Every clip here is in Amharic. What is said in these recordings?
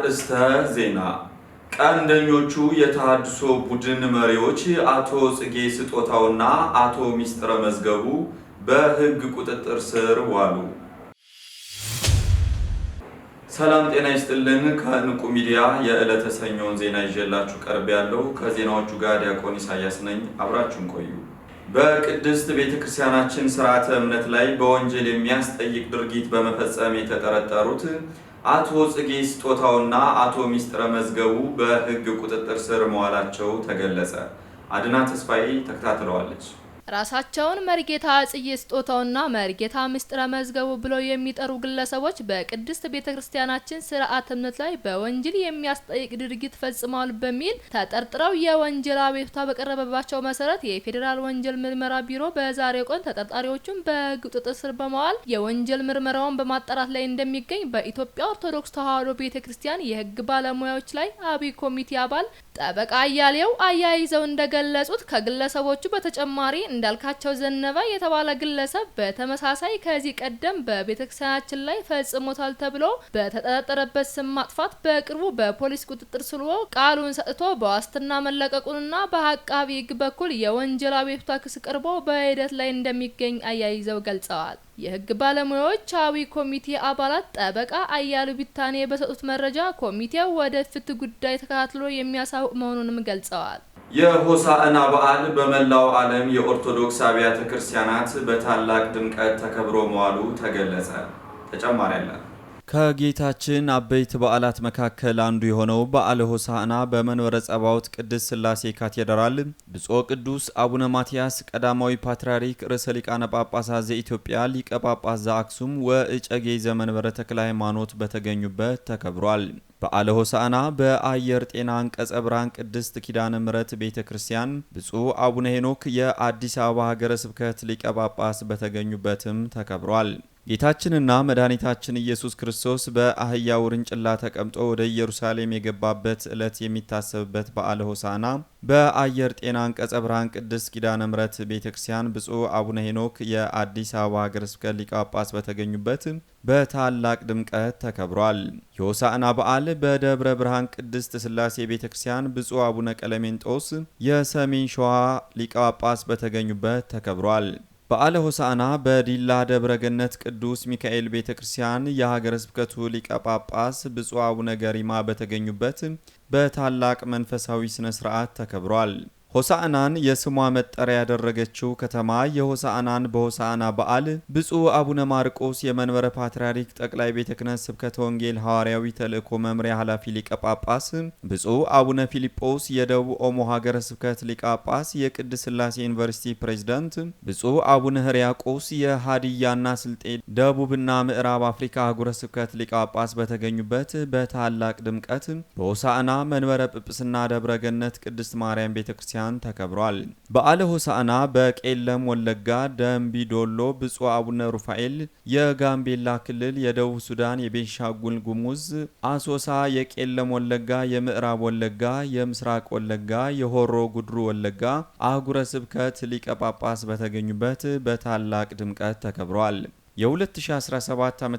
አርእስተ ዜና ቀንደኞቹ የተሃድሶ ቡድን መሪዎች አቶ ጽጌ ስጦታውና አቶ ሚስጥረ መዝገቡ በሕግ ቁጥጥር ስር ዋሉ። ሰላም ጤና ይስጥልን። ከንቁ ሚዲያ የዕለተ ሰኞውን ዜና ይዤላችሁ ቀርብ ያለው ከዜናዎቹ ጋር ዲያቆን ኢሳያስ ነኝ። አብራችሁን ቆዩ። በቅድስት ቤተ ክርስቲያናችን ስርዓተ እምነት ላይ በወንጀል የሚያስጠይቅ ድርጊት በመፈጸም የተጠረጠሩት አቶ ጽጌ ስጦታውና አቶ ሚስጥረ መዝገቡ በሕግ ቁጥጥር ስር መዋላቸው ተገለጸ። አድና ተስፋዬ ተከታትለዋለች። ራሳቸውን መርጌታ ጽዬ ስጦታውና መርጌታ ምስጢረ መዝገቡ ብለው የሚጠሩ ግለሰቦች በቅድስት ቤተ ክርስቲያናችን ስርዓተ እምነት ላይ በወንጀል የሚያስጠይቅ ድርጊት ፈጽመዋል በሚል ተጠርጥረው የወንጀል አቤቱታ በቀረበባቸው መሰረት የፌዴራል ወንጀል ምርመራ ቢሮ በዛሬው ቀን ተጠርጣሪዎቹን በሕግ ስር በመዋል የወንጀል ምርመራውን በማጣራት ላይ እንደሚገኝ በኢትዮጵያ ኦርቶዶክስ ተዋሕዶ ቤተ ክርስቲያን ባለሙያዎች ላይ አብይ ኮሚቴ አባል ጠበቃ አያሌው አያይዘው እንደገለጹት ከግለሰቦቹ በተጨማሪ እንዳልካቸው ዘነበ የተባለ ግለሰብ በተመሳሳይ ከዚህ ቀደም በቤተክርስቲያናችን ላይ ፈጽሞታል ተብሎ በተጠረጠረበት ስም ማጥፋት በቅርቡ በፖሊስ ቁጥጥር ስልዎ ቃሉን ሰጥቶ በዋስትና መለቀቁንና በአቃቢ ሕግ በኩል የወንጀል አቤቱታ ክስ ቀርቦ በሂደት ላይ እንደሚገኝ አያይዘው ገልጸዋል። የህግ ባለሙያዎች አዊ ኮሚቴ አባላት ጠበቃ አያሉ ቢታኔ በሰጡት መረጃ ኮሚቴው ወደፊት ጉዳይ ተከታትሎ የሚያሳውቅ መሆኑንም ገልጸዋል። የሆሳዕና በዓል በመላው ዓለም የኦርቶዶክስ አብያተ ክርስቲያናት በታላቅ ድምቀት ተከብሮ መዋሉ ተገለጸ። ተጨማሪ አለን። ከጌታችን አበይት በዓላት መካከል አንዱ የሆነው በዓለ ሆሳዕና በመንበረ ጸባዖት ቅድስት ሥላሴ ካቴድራል ብፁዕ ቅዱስ አቡነ ማትያስ ቀዳማዊ ፓትርያርክ ርዕሰ ሊቃነ ጳጳሳት ዘኢትዮጵያ ሊቀ ጳጳስ ዘአክሱም ወእጨጌ ዘመንበረ ተክለ ሃይማኖት በተገኙበት ተከብሯል። በዓለ ሆሳዕና በአየር ጤና አንቀጸ ብርሃን ቅድስት ኪዳነ ምሕረት ቤተ ክርስቲያን ብፁዕ አቡነ ሄኖክ የአዲስ አበባ ሀገረ ስብከት ሊቀ ጳጳስ በተገኙበትም ተከብሯል። ጌታችንና መድኃኒታችን ኢየሱስ ክርስቶስ በአህያ ውርንጭላ ተቀምጦ ወደ ኢየሩሳሌም የገባበት ዕለት የሚታሰብበት በዓለ ሆሳዕና በአየር ጤና አንቀጸ ብርሃን ቅድስት ኪዳነ ምሕረት ቤተ ክርስቲያን ብፁዕ አቡነ ሄኖክ የአዲስ አበባ ሀገረ ስብከት ሊቀ ጳጳስ በተገኙበት በታላቅ ድምቀት ተከብሯል። የሆሳዕና በዓል በደብረ ብርሃን ቅድስት ስላሴ ቤተ ክርስቲያን ብፁዕ አቡነ ቀለሜንጦስ የሰሜን ሸዋ ሊቀ ጳጳስ በተገኙበት ተከብሯል። በዓለ ሆሳዕና በዲላ ደብረ ገነት ቅዱስ ሚካኤል ቤተ ክርስቲያን የሀገረ ስብከቱ ሊቀ ጳጳስ ብፁዕ አቡነ ገሪማ በተገኙበት በታላቅ መንፈሳዊ ስነ ስርዓት ተከብሯል። ሆሳዕናን የስሟ መጠሪያ ያደረገችው ከተማ የሆሳዕናን በሆሳዕና በዓል ብፁዕ አቡነ ማርቆስ የመንበረ ፓትርያርክ ጠቅላይ ቤተ ክህነት ስብከተ ወንጌል ሐዋርያዊ ተልእኮ መምሪያ ኃላፊ ሊቀ ጳጳስ፣ ብፁዕ አቡነ ፊልጶስ የደቡብ ኦሞ ሀገረ ስብከት ሊቀ ጳጳስ፣ የቅድስት ሥላሴ ዩኒቨርሲቲ ፕሬዝዳንት፣ ብፁዕ አቡነ ህርያቆስ የሀዲያና ስልጤ ደቡብና ምዕራብ አፍሪካ አህጉረ ስብከት ሊቀ ጳጳስ በተገኙበት በታላቅ ድምቀት በሆሳዕና መንበረ ጵጵስና ደብረ ገነት ቅድስት ማርያም ቤተ ክርስቲያን ክርስቲያን ተከብሯል። በዓለ ሆሳዕና በቄለም ወለጋ ደምቢ ዶሎ ብፁዕ አቡነ ሩፋኤል የጋምቤላ ክልል፣ የደቡብ ሱዳን፣ የቤንሻጉል ጉሙዝ፣ አሶሳ፣ የቄለም ወለጋ፣ የምዕራብ ወለጋ፣ የምስራቅ ወለጋ፣ የሆሮ ጉድሩ ወለጋ አህጉረ ስብከት ሊቀ ጳጳስ በተገኙበት በታላቅ ድምቀት ተከብሯል። የ2017 ዓ ም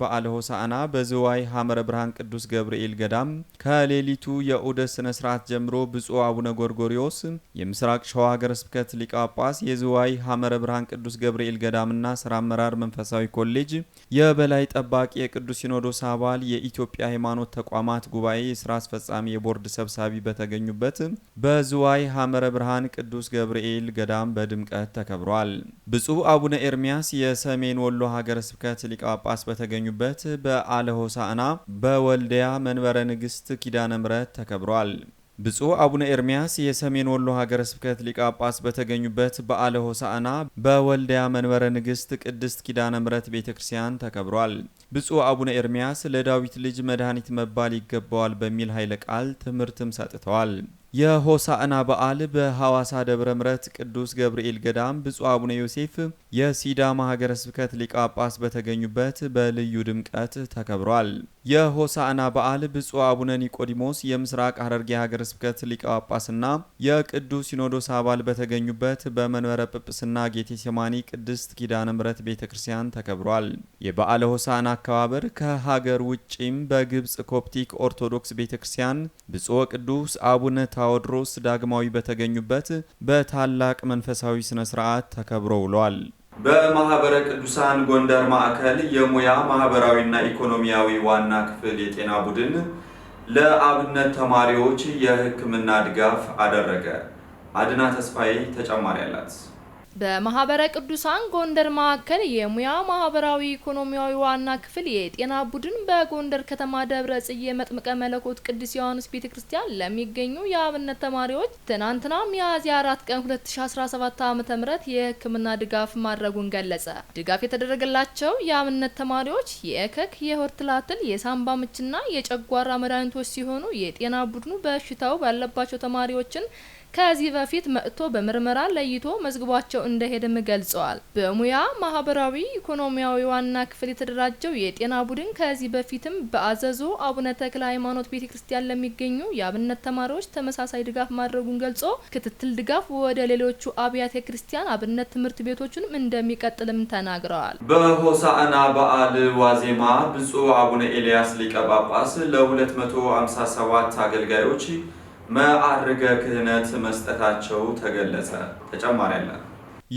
በዓለ ሆሳዕና በዝዋይ ሐመረ ብርሃን ቅዱስ ገብርኤል ገዳም ከሌሊቱ የዑደት ስነ ስርዓት ጀምሮ ብፁዕ አቡነ ጎርጎሪዮስ የምስራቅ ሸዋ ሀገረ ስብከት ሊቀ ጳጳስ የዝዋይ ሐመረ ብርሃን ቅዱስ ገብርኤል ገዳምና ሥራ አመራር መንፈሳዊ ኮሌጅ የበላይ ጠባቂ የቅዱስ ሲኖዶስ አባል የኢትዮጵያ ሃይማኖት ተቋማት ጉባኤ የስራ አስፈጻሚ የቦርድ ሰብሳቢ በተገኙበት በዝዋይ ሐመረ ብርሃን ቅዱስ ገብርኤል ገዳም በድምቀት ተከብሯል። ብፁዕ አቡነ ኤርሚያስ የሰሜን ወሎ ወሎ ሀገረ ስብከት ሊቀ ጳጳስ በተገኙበት በዓለ ሆሳዕና በወልዲያ መንበረ ንግሥት ኪዳነ ምሕረት ተከብሯል። ብፁዕ አቡነ ኤርሚያስ የሰሜን ወሎ ሀገረ ስብከት ሊቀ ጳጳስ በተገኙበት በዓለ ሆሳዕና በወልዲያ መንበረ ንግሥት ቅድስት ኪዳነ ምሕረት ቤተ ክርስቲያን ተከብሯል። ብፁዕ አቡነ ኤርሚያስ ለዳዊት ልጅ መድኃኒት መባል ይገባዋል በሚል ኃይለ ቃል ትምህርትም ሰጥተዋል። የሆሳዕና በዓል በሐዋሳ ደብረ ምረት ቅዱስ ገብርኤል ገዳም ብፁዕ አቡነ ዮሴፍ የሲዳማ ሀገረ ስብከት ሊቀ ጳጳስ በተገኙበት በልዩ ድምቀት ተከብሯል። የሆሳዕና በዓል ብፁዕ አቡነ ኒቆዲሞስ የምስራቅ ሐረርጌ ሀገረ ስብከት ሊቀ ጳጳስና የቅዱስ ሲኖዶስ አባል በተገኙበት በመንበረ ጵጵስና ጌቴሴማኒ ቅድስት ኪዳነ ምሕረት ቤተ ክርስቲያን ተከብሯል። የበዓለ ሆሳዕና አከባበር ከሀገር ውጪም በግብፅ ኮፕቲክ ኦርቶዶክስ ቤተ ክርስቲያን ብፁዕ ቅዱስ አቡነ ታዎድሮስ ዳግማዊ በተገኙበት በታላቅ መንፈሳዊ ስነ ስርዓት ተከብሮ ውሏል። በማህበረ ቅዱሳን ጎንደር ማዕከል የሙያ ማህበራዊና ኢኮኖሚያዊ ዋና ክፍል የጤና ቡድን ለአብነት ተማሪዎች የሕክምና ድጋፍ አደረገ። አድና ተስፋዬ ተጨማሪ አላት። በማህበረ ቅዱሳን ጎንደር ማዕከል የሙያ ማህበራዊ ኢኮኖሚያዊ ዋና ክፍል የጤና ቡድን በጎንደር ከተማ ደብረ ጽዬ መጥምቀ መለኮት ቅዱስ ዮሐንስ ቤተ ክርስቲያን ለሚገኙ የአብነት ተማሪዎች ትናንትና ሚያዝያ 4 ቀን 2017 ዓ.ም የሕክምና ድጋፍ ማድረጉን ገለጸ። ድጋፍ የተደረገላቸው የአብነት ተማሪዎች የእከክ፣ የሆርትላትል፣ የሳምባ ምችና የጨጓራ መድኃኒቶች ሲሆኑ የጤና ቡድኑ በሽታው ባለባቸው ተማሪዎችን ከዚህ በፊት መጥቶ በምርመራ ለይቶ መዝግቧቸው እንደሄደም ገልጸዋል። በሙያ ማህበራዊ ኢኮኖሚያዊ ዋና ክፍል የተደራጀው የጤና ቡድን ከዚህ በፊትም በአዘዞ አቡነ ተክለ ሃይማኖት ቤተ ክርስቲያን ለሚገኙ የአብነት ተማሪዎች ተመሳሳይ ድጋፍ ማድረጉን ገልጾ ክትትል ድጋፍ ወደ ሌሎቹ አብያተ ክርስቲያን አብነት ትምህርት ቤቶቹንም እንደሚቀጥልም ተናግረዋል። በሆሳዕና በዓል ዋዜማ ብፁዕ አቡነ ኤልያስ ሊቀ ጳጳስ ለ257 አገልጋዮች መዓርገ ክህነት መስጠታቸው ተገለጸ። ተጨማሪ ያለን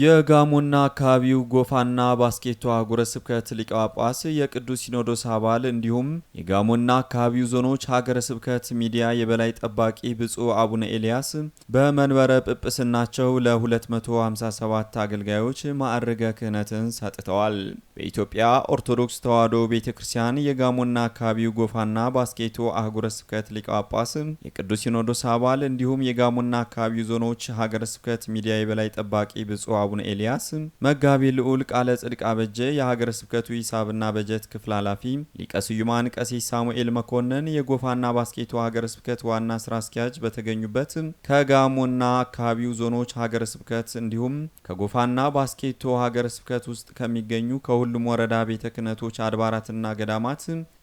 የጋሞና አካባቢው ጎፋና ባስኬቶ አህጉረ ስብከት ሊቀ ጳጳስ የቅዱስ ሲኖዶስ አባል እንዲሁም የጋሞና አካባቢው ዞኖች ሀገረ ስብከት ሚዲያ የበላይ ጠባቂ ብፁዕ አቡነ ኤልያስ በመንበረ ጵጵስናቸው ለ257 አገልጋዮች ማዕረገ ክህነትን ሰጥተዋል። በኢትዮጵያ ኦርቶዶክስ ተዋሕዶ ቤተ ክርስቲያን የጋሞና አካባቢው ጎፋና ባስኬቶ አህጉረ ስብከት ሊቀ ጳጳስ የቅዱስ ሲኖዶስ አባል እንዲሁም የጋሞና አካባቢው ዞኖች ሀገረ ስብከት ሚዲያ የበላይ ጠባቂ ብፁዕ አቡነ ኤልያስም፣ መጋቢ ልዑል ቃለ ጽድቅ አበጀ፣ የሀገረ ስብከቱ ሂሳብና በጀት ክፍል ኃላፊ ሊቀ ስዩማን ቀሲስ ሳሙኤል መኮንን፣ የጎፋና ባስኬቶ ሀገረ ስብከት ዋና ስራ አስኪያጅ በተገኙበት ከጋሞና አካባቢው ዞኖች ሀገረ ስብከት እንዲሁም ከጎፋና ባስኬቶ ሀገረ ስብከት ውስጥ ከሚገኙ ከሁሉም ወረዳ ቤተ ክህነቶች አድባራትና ገዳማት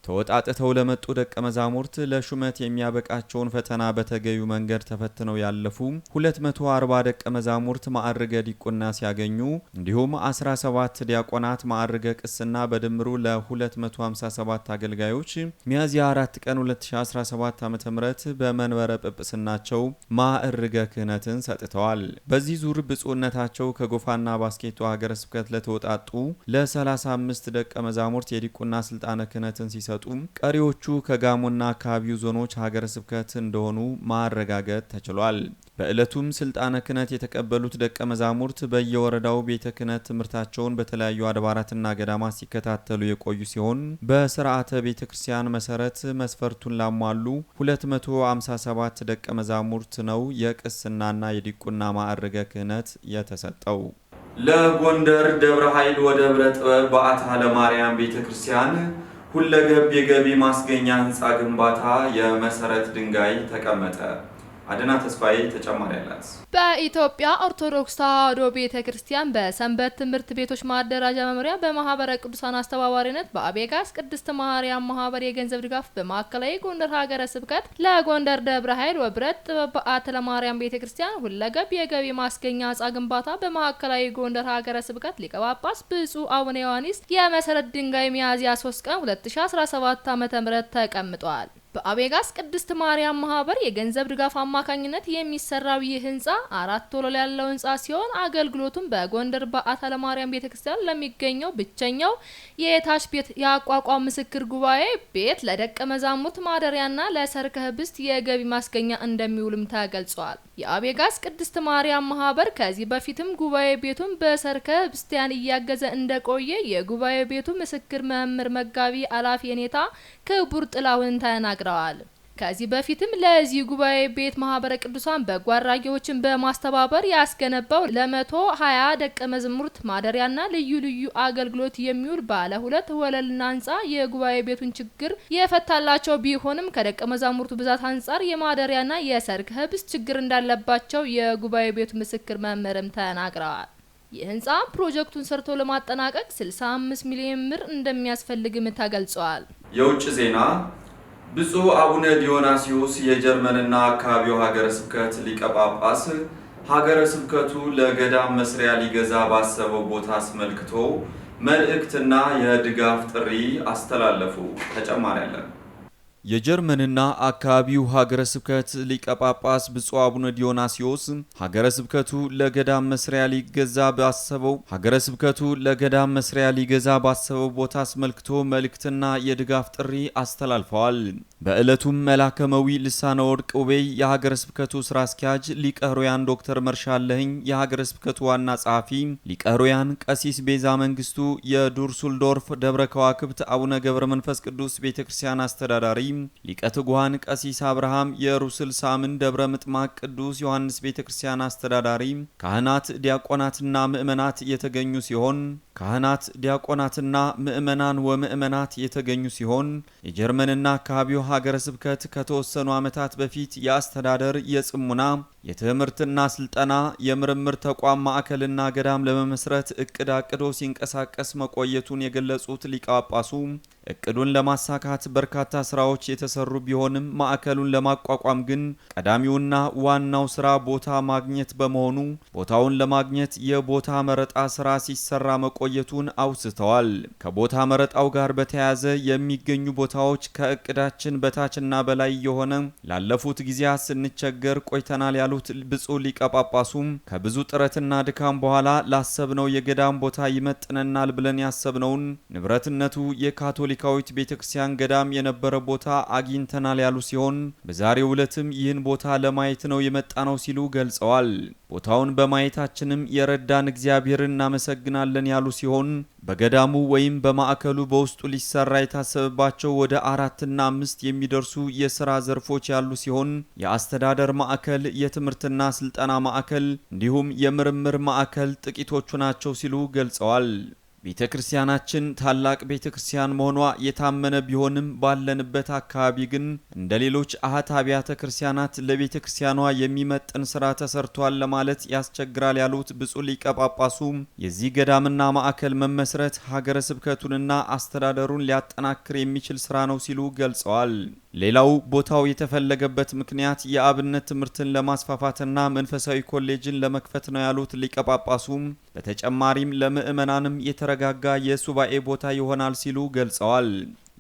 ተወጣጥተው ለመጡ ደቀ መዛሙርት ለሹመት የሚያበቃቸውን ፈተና በተገቢው መንገድ ተፈትነው ያለፉ 240 ደቀ መዛሙርት ማዕርገ ዲቁና ቅስና ሲያገኙ እንዲሁም 17 ዲያቆናት ማዕርገ ቅስና በድምሩ ለ257 አገልጋዮች ሚያዝያ 4 ቀን 2017 ዓ ም በመንበረ ጵጵስናቸው ማዕርገ ክህነትን ሰጥተዋል። በዚህ ዙር ብፁዕነታቸው ከጎፋና ባስኬቶ ሀገረ ስብከት ለተወጣጡ ለ35 ደቀ መዛሙርት የዲቁና ስልጣነ ክህነትን ሲሰጡ ቀሪዎቹ ከጋሞና አካባቢው ዞኖች ሀገረ ስብከት እንደሆኑ ማረጋገጥ ተችሏል። በዕለቱም ስልጣነ ክህነት የተቀበሉት ደቀ መዛሙርት በየወረዳው ቤተ ክህነት ትምህርታቸውን በተለያዩ አድባራትና ገዳማት ሲከታተሉ የቆዩ ሲሆን በስርዓተ ቤተ ክርስቲያን መሰረት መስፈርቱን ላሟሉ 257 ደቀ መዛሙርት ነው የቅስናና የዲቁና ማዕረገ ክህነት የተሰጠው። ለጎንደር ደብረ ኃይል ወደብረ ጥበብ በዓታ ለማርያም ቤተ ክርስቲያን ሁለገብ የገቢ ማስገኛ ህንፃ ግንባታ የመሰረት ድንጋይ ተቀመጠ። አድና ተስፋዬ ተጨማሪ አላት። በኢትዮጵያ ኦርቶዶክስ ተዋሕዶ ቤተ ክርስቲያን በሰንበት ትምህርት ቤቶች ማደራጃ መምሪያ በማህበረ ቅዱሳን አስተባባሪነት በአቤጋስ ቅድስት ማርያም ማህበር የገንዘብ ድጋፍ በማዕከላዊ ጎንደር ሀገረ ስብከት ለጎንደር ደብረ ኃይል ወብረት ጥበብ በአተ ለማርያም ቤተ ክርስቲያን ሁለገብ የገቢ ማስገኛ ህንጻ ግንባታ በማዕከላዊ ጎንደር ሀገረ ስብከት ሊቀ ጳጳስ ብፁዕ አቡነ ዮሐንስ የመሰረት ድንጋይ ሚያዝያ 3 ቀን 2017 ዓ ም ተቀምጧል። በአቤጋስ ቅድስት ማርያም ማህበር የገንዘብ ድጋፍ አማካኝነት የሚሰራው ይህ ህንጻ አራት ወለል ያለው ህንጻ ሲሆን አገልግሎቱም በጎንደር በዓታ ለማርያም ቤተክርስቲያን ለሚገኘው ብቸኛው የታች ቤት የአቋቋም ምስክር ጉባኤ ቤት ለደቀ መዛሙርት ማደሪያና ለሰርከ ህብስት የገቢ ማስገኛ እንደሚውልም ተገልጿል። የአቤጋስ ቅድስት ማርያም ማህበር ከዚህ በፊትም ጉባኤ ቤቱን በሰርከ ህብስቲያን እያገዘ እንደቆየ የጉባኤ ቤቱ ምስክር መምህር መጋቢ አላፊ ኔታ ክቡር ጥላሁን ተናገ ተናግረዋል። ከዚህ በፊትም ለዚህ ጉባኤ ቤት ማህበረ ቅዱሳን በጎ አድራጊዎችን በማስተባበር ያስገነባው ለመቶ ሀያ ደቀ መዛሙርት ማደሪያና ልዩ ልዩ አገልግሎት የሚውል ባለ ሁለት ወለልና ህንጻ የጉባኤ ቤቱን ችግር የፈታላቸው ቢሆንም ከደቀ መዛሙርቱ ብዛት አንጻር የማደሪያና የሰርግ ህብስ ችግር እንዳለባቸው የጉባኤ ቤቱ ምስክር መምህርም ተናግረዋል። የህንጻ ፕሮጀክቱን ሰርቶ ለማጠናቀቅ 65 ሚሊዮን ብር እንደሚያስፈልግም ተገልጿል። የውጭ ዜና ብፁዕ አቡነ ዲዮናሲዮስ የጀርመንና አካባቢው ሀገረ ስብከት ሊቀ ጳጳስ ሀገረ ስብከቱ ለገዳም መስሪያ ሊገዛ ባሰበው ቦታ አስመልክቶ መልእክትና የድጋፍ ጥሪ አስተላለፉ። ተጨማሪ ያለን የጀርመንና አካባቢው ሀገረ ስብከት ሊቀ ጳጳስ ብፁዕ አቡነ ዲዮናሲዮስ ሀገረ ስብከቱ ለገዳም መስሪያ ሊገዛ ባሰበው ሀገረ ስብከቱ ለገዳም መስሪያ ሊገዛ ባሰበው ቦታ አስመልክቶ መልእክትና የድጋፍ ጥሪ አስተላልፈዋል። በዕለቱም መላከመዊ ልሳነ ወርቅ ውቤይ የሀገረ ስብከቱ ስራ አስኪያጅ፣ ሊቀሩያን ዶክተር መርሻለህኝ የሀገረ ስብከቱ ዋና ጸሐፊ፣ ሊቀሩያን ቀሲስ ቤዛ መንግስቱ የዱርሱልዶርፍ ደብረ ከዋክብት አቡነ ገብረ መንፈስ ቅዱስ ቤተ ክርስቲያን አስተዳዳሪ በተለይም ሊቀ ትጉሃን ቀሲስ አብርሃም ሳምን ደብረ ምጥማቅ ቅዱስ ዮሐንስ ቤተ ክርስቲያን አስተዳዳሪ፣ ካህናት፣ ዲያቆናትና ምዕመናት የተገኙ ሲሆን ካህናት ዲያቆናትና ምእመናን ወምእመናት የተገኙ ሲሆን የጀርመንና አካባቢው ሀገረ ስብከት ከተወሰኑ ዓመታት በፊት የአስተዳደር የጽሙና የትምህርትና ስልጠና የምርምር ተቋም ማዕከልና ገዳም ለመመስረት እቅድ አቅዶ ሲንቀሳቀስ መቆየቱን የገለጹት ሊቃጳሱ እቅዱን ለማሳካት በርካታ ስራዎች የተሰሩ ቢሆንም ማዕከሉን ለማቋቋም ግን ቀዳሚውና ዋናው ስራ ቦታ ማግኘት በመሆኑ ቦታውን ለማግኘት የቦታ መረጣ ስራ ሲሰራ መቆ ማሳየቱን አውስተዋል። ከቦታ መረጣው ጋር በተያያዘ የሚገኙ ቦታዎች ከእቅዳችን በታችና በላይ የሆነ ላለፉት ጊዜያት ስንቸገር ቆይተናል ያሉት ብፁዕ ሊቀ ጳጳሱም ከብዙ ጥረትና ድካም በኋላ ላሰብነው የገዳም ቦታ ይመጥነናል ብለን ያሰብነውን ንብረትነቱ የካቶሊካዊት ቤተ ክርስቲያን ገዳም የነበረ ቦታ አግኝተናል ያሉ ሲሆን በዛሬው ዕለትም ይህን ቦታ ለማየት ነው የመጣ ነው ሲሉ ገልጸዋል። ቦታውን በማየታችንም የረዳን እግዚአብሔር እናመሰግናለን ያሉ ሲሆን በገዳሙ ወይም በማዕከሉ በውስጡ ሊሰራ የታሰበባቸው ወደ አራትና አምስት የሚደርሱ የስራ ዘርፎች ያሉ ሲሆን የአስተዳደር ማዕከል፣ የትምህርትና ስልጠና ማዕከል እንዲሁም የምርምር ማዕከል ጥቂቶቹ ናቸው ሲሉ ገልጸዋል። ቤተ ክርስቲያናችን ታላቅ ቤተ ክርስቲያን መሆኗ የታመነ ቢሆንም ባለንበት አካባቢ ግን እንደ ሌሎች አህት አብያተ ክርስቲያናት ለቤተ ክርስቲያኗ የሚመጥን ስራ ተሰርቷል ለማለት ያስቸግራል ያሉት ብፁዕ ሊቀ ጳጳሱ የዚህ ገዳምና ማዕከል መመስረት ሀገረ ስብከቱንና አስተዳደሩን ሊያጠናክር የሚችል ስራ ነው ሲሉ ገልጸዋል። ሌላው ቦታው የተፈለገበት ምክንያት የአብነት ትምህርትን ለማስፋፋትና መንፈሳዊ ኮሌጅን ለመክፈት ነው ያሉት ሊቀ ጳጳሱም በተጨማሪም ለምዕመናንም የተረጋጋ የሱባኤ ቦታ ይሆናል ሲሉ ገልጸዋል።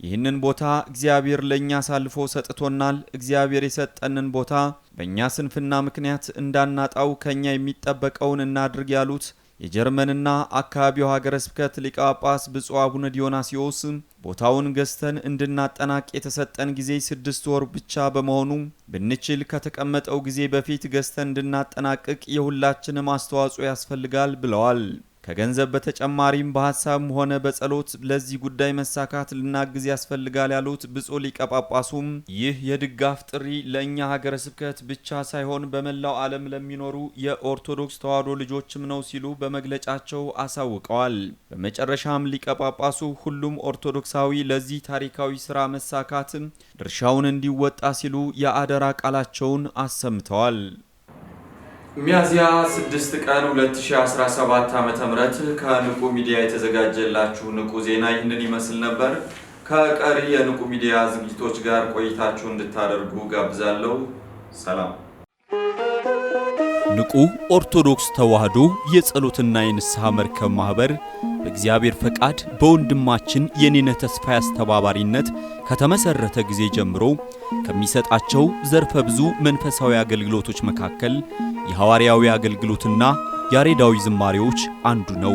ይህንን ቦታ እግዚአብሔር ለእኛ አሳልፎ ሰጥቶናል። እግዚአብሔር የሰጠንን ቦታ በእኛ ስንፍና ምክንያት እንዳናጣው ከእኛ የሚጠበቀውን እናድርግ ያሉት የጀርመንና አካባቢው ሀገረ ስብከት ሊቀ ጳጳስ ብፁዕ አቡነ ዲዮናሲዎስ ቦታውን ገዝተን እንድናጠናቅ የተሰጠን ጊዜ ስድስት ወር ብቻ በመሆኑ ብንችል ከተቀመጠው ጊዜ በፊት ገዝተን እንድናጠናቅቅ የሁላችንም አስተዋጽኦ ያስፈልጋል ብለዋል። ከገንዘብ በተጨማሪም በሀሳብም ሆነ በጸሎት ለዚህ ጉዳይ መሳካት ልናግዝ ያስፈልጋል ያሉት ብፁዕ ሊቀ ጳጳሱም ይህ የድጋፍ ጥሪ ለእኛ ሀገረ ስብከት ብቻ ሳይሆን በመላው ዓለም ለሚኖሩ የኦርቶዶክስ ተዋሕዶ ልጆችም ነው ሲሉ በመግለጫቸው አሳውቀዋል። በመጨረሻም ሊቀ ጳጳሱ ሁሉም ኦርቶዶክሳዊ ለዚህ ታሪካዊ ስራ መሳካት ድርሻውን እንዲወጣ ሲሉ የአደራ ቃላቸውን አሰምተዋል። ሚያዝያ 6 ቀን 2017 ዓ.ም ከንቁ ሚዲያ የተዘጋጀላችሁ ንቁ ዜና ይህንን ይመስል ነበር። ከቀሪ የንቁ ሚዲያ ዝግጅቶች ጋር ቆይታችሁ እንድታደርጉ ጋብዛለሁ። ሰላም። ንቁ ኦርቶዶክስ ተዋህዶ የጸሎትና የንስሐ መርከብ ማኅበር በእግዚአብሔር ፈቃድ በወንድማችን የኔነ ተስፋ አስተባባሪነት ከተመሰረተ ጊዜ ጀምሮ ከሚሰጣቸው ዘርፈ ብዙ መንፈሳዊ አገልግሎቶች መካከል የሐዋርያዊ አገልግሎትና ያሬዳዊ ዝማሬዎች አንዱ ነው።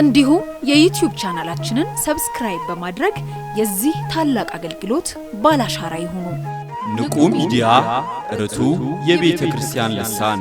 እንዲሁም የዩትዩብ ቻናላችንን ሰብስክራይብ በማድረግ የዚህ ታላቅ አገልግሎት ባላሻራ ይሁኑ። ንቁ ሚዲያ ርቱ የቤተ ክርስቲያን ልሳን